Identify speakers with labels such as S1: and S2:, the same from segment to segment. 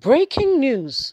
S1: Breaking news.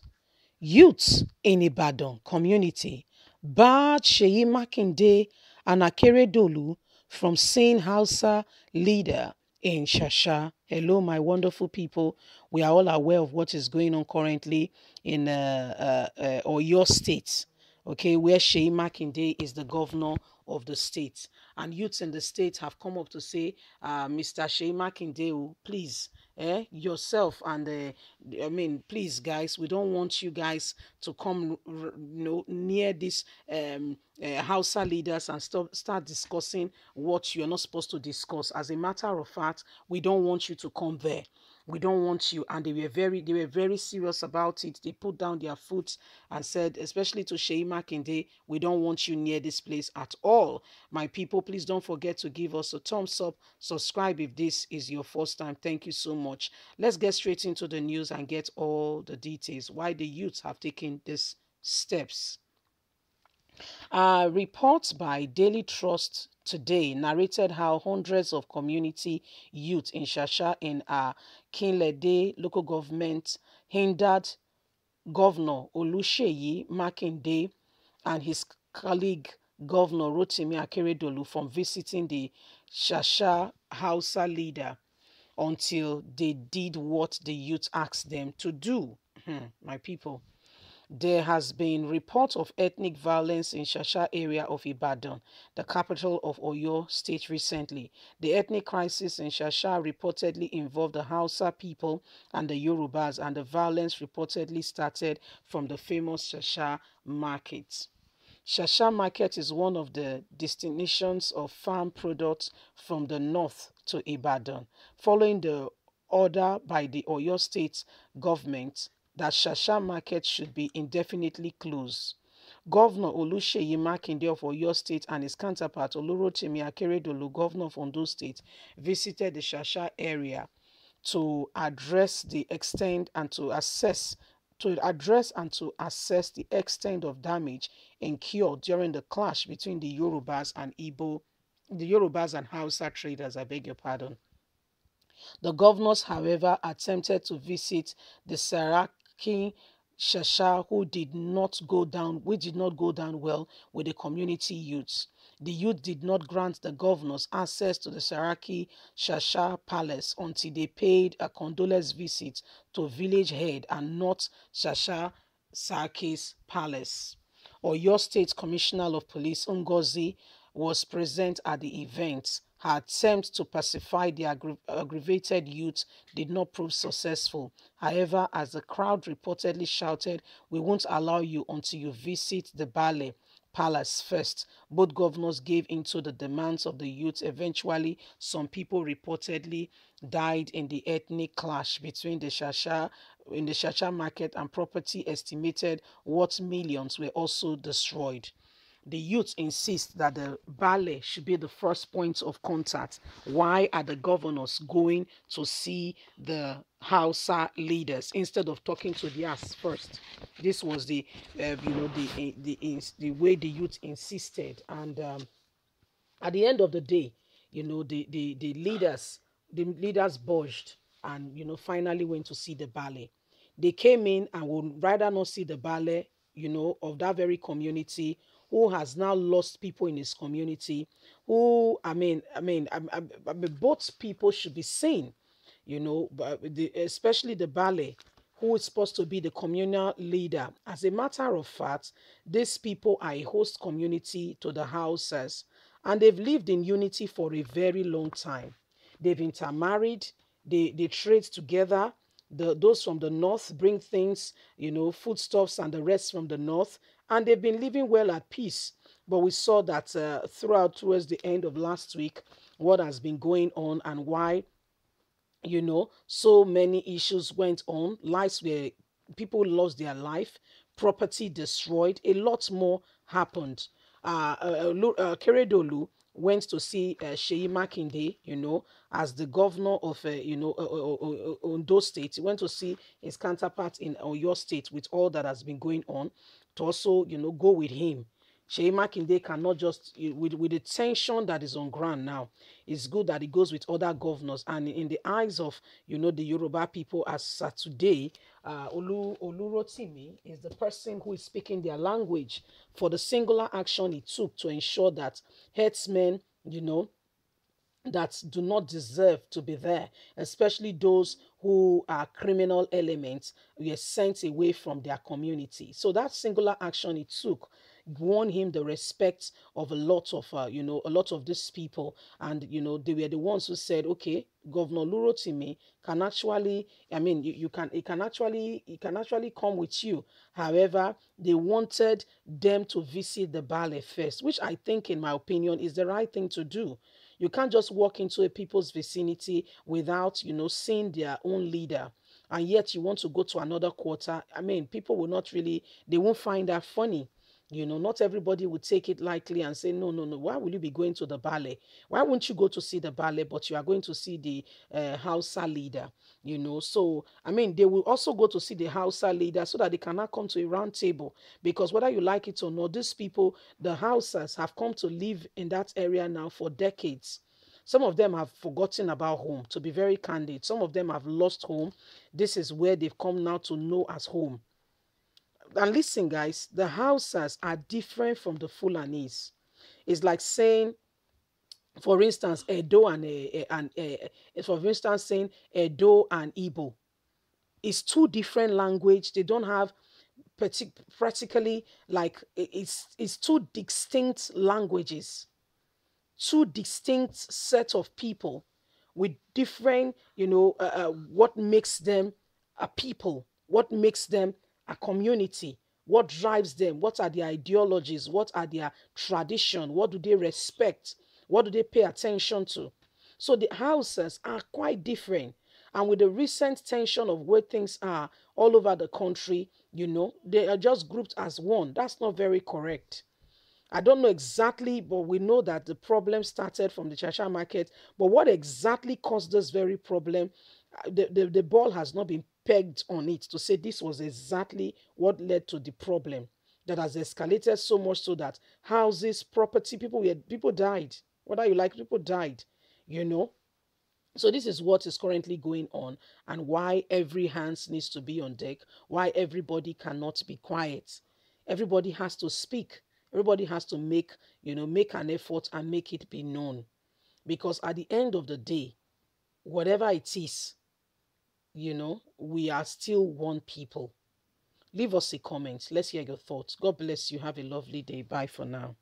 S1: Youths in Ibadan community barred Sheyi Makinde and Dolu from seeing Hausa leader in Shasha. Hello, my wonderful people. We are all aware of what is going on currently in uh, uh, uh, or your state, okay, where Sheyi Makinde is the governor of the state. And youths in the state have come up to say, ah, Mr. Sheyi Makinde, oh, please, eh, yourself and uh, I mean, please, guys, we don't want you guys to come you know, near these um, uh, Hausa leaders and stop, start discussing what you're not supposed to discuss. As a matter of fact, we don't want you to come there we don't want you and they were very they were very serious about it they put down their foot and said especially to Sheima Kinde we don't want you near this place at all my people please don't forget to give us a thumbs up subscribe if this is your first time thank you so much let's get straight into the news and get all the details why the youths have taken these steps uh, reports by Daily Trust today narrated how hundreds of community youth in Shasha in uh, Kinlede local government hindered Governor Olusheyi Makinde and his colleague Governor Rotimi Akeredolu from visiting the Shasha Hausa leader until they did what the youth asked them to do. Hmm, my people. There has been reports of ethnic violence in Shasha area of Ibadan, the capital of Oyo state recently. The ethnic crisis in Shasha reportedly involved the Hausa people and the Yorubas and the violence reportedly started from the famous Shasha market. Shasha market is one of the destinations of farm products from the north to Ibadan. Following the order by the Oyo state government, that Shasha Market should be indefinitely closed. Governor Oluseyi Makinde of Oyo State and his counterpart Olurotimi Akeredolu, Governor of Ondo State, visited the Shasha area to address the extent and to assess to address and to assess the extent of damage incurred during the clash between the Yorubas and Igbo, the Yorubas and Hausa traders, I beg your pardon. The governors, however, attempted to visit the Sarak King Shasha, who did not go down, we did not go down well with the community youths. The youth did not grant the governors access to the Saraki Shasha Palace until they paid a condolence visit to village head and not Shasha Saki's palace. Or your State Commissioner of Police Ngozi was present at the event her attempts to pacify the aggra aggravated youth did not prove successful. However, as the crowd reportedly shouted, We won't allow you until you visit the ballet palace first. Both governors gave in to the demands of the youth. Eventually, some people reportedly died in the ethnic clash between the Shasha in the Shasha market and property estimated worth millions were also destroyed the youth insist that the ballet should be the first point of contact. Why are the governors going to see the Hausa leaders instead of talking to the ass first? This was the, uh, you know, the, the the way the youth insisted, and um, at the end of the day, you know, the the the leaders the leaders budged, and you know, finally went to see the ballet. They came in and would rather not see the ballet you know, of that very community who has now lost people in his community who i mean i mean i, I, I mean both people should be seen you know the, especially the ballet who is supposed to be the communal leader as a matter of fact these people are a host community to the houses and they've lived in unity for a very long time they've intermarried they they trade together the, those from the north bring things, you know, foodstuffs and the rest from the north. And they've been living well at peace. But we saw that uh, throughout towards the end of last week, what has been going on and why, you know, so many issues went on. Lives where people lost their life, property destroyed, a lot more happened. Uh, uh, uh, uh Keredolu went to see uh, Sheyi Makinde, you know, as the governor of, uh, you know, uh, Ondo State. He went to see his counterpart in Oyo State with all that has been going on to also, you know, go with him Shei Makinde cannot just, with, with the tension that is on ground now, it's good that it goes with other governors. And in the eyes of, you know, the Yoruba people as uh, today, uh, Olu, Olurotimi is the person who is speaking their language for the singular action he took to ensure that headsmen, you know, that do not deserve to be there, especially those who are criminal elements, were sent away from their community. So that singular action he took won him the respect of a lot of uh, you know a lot of these people and you know they were the ones who said okay governor luro can actually i mean you, you can it can actually it can actually come with you however they wanted them to visit the ballet first which i think in my opinion is the right thing to do you can't just walk into a people's vicinity without you know seeing their own leader and yet you want to go to another quarter i mean people will not really they won't find that funny you know, not everybody would take it lightly and say, no, no, no, why will you be going to the ballet? Why won't you go to see the ballet, but you are going to see the uh, leader? You know, so, I mean, they will also go to see the house leader so that they cannot come to a round table because whether you like it or not, these people, the houses, have come to live in that area now for decades. Some of them have forgotten about home, to be very candid. Some of them have lost home. This is where they've come now to know as home and listen, guys, the houses are different from the Fulanis. It's like saying, for instance, Edo and, eh, eh, and, and eh, for instance, saying Edo and Ibo. It's two different language. They don't have practically like it's it's two distinct languages, two distinct set of people with different, you know, uh, uh what makes them a people, what makes them a community what drives them what are their ideologies what are their tradition what do they respect what do they pay attention to so the houses are quite different and with the recent tension of where things are all over the country you know they are just grouped as one that's not very correct i don't know exactly but we know that the problem started from the Chacha market but what exactly caused this very problem uh, the, the, the ball has not been pegged on it to say this was exactly what led to the problem that has escalated so much so that houses, property, people were, people died. What are you like, people died, you know. So this is what is currently going on and why every hands needs to be on deck, why everybody cannot be quiet. Everybody has to speak. Everybody has to make, you know, make an effort and make it be known. Because at the end of the day, whatever it is, you know, we are still one people. Leave us a comment. Let's hear your thoughts. God bless you. Have a lovely day. Bye for now.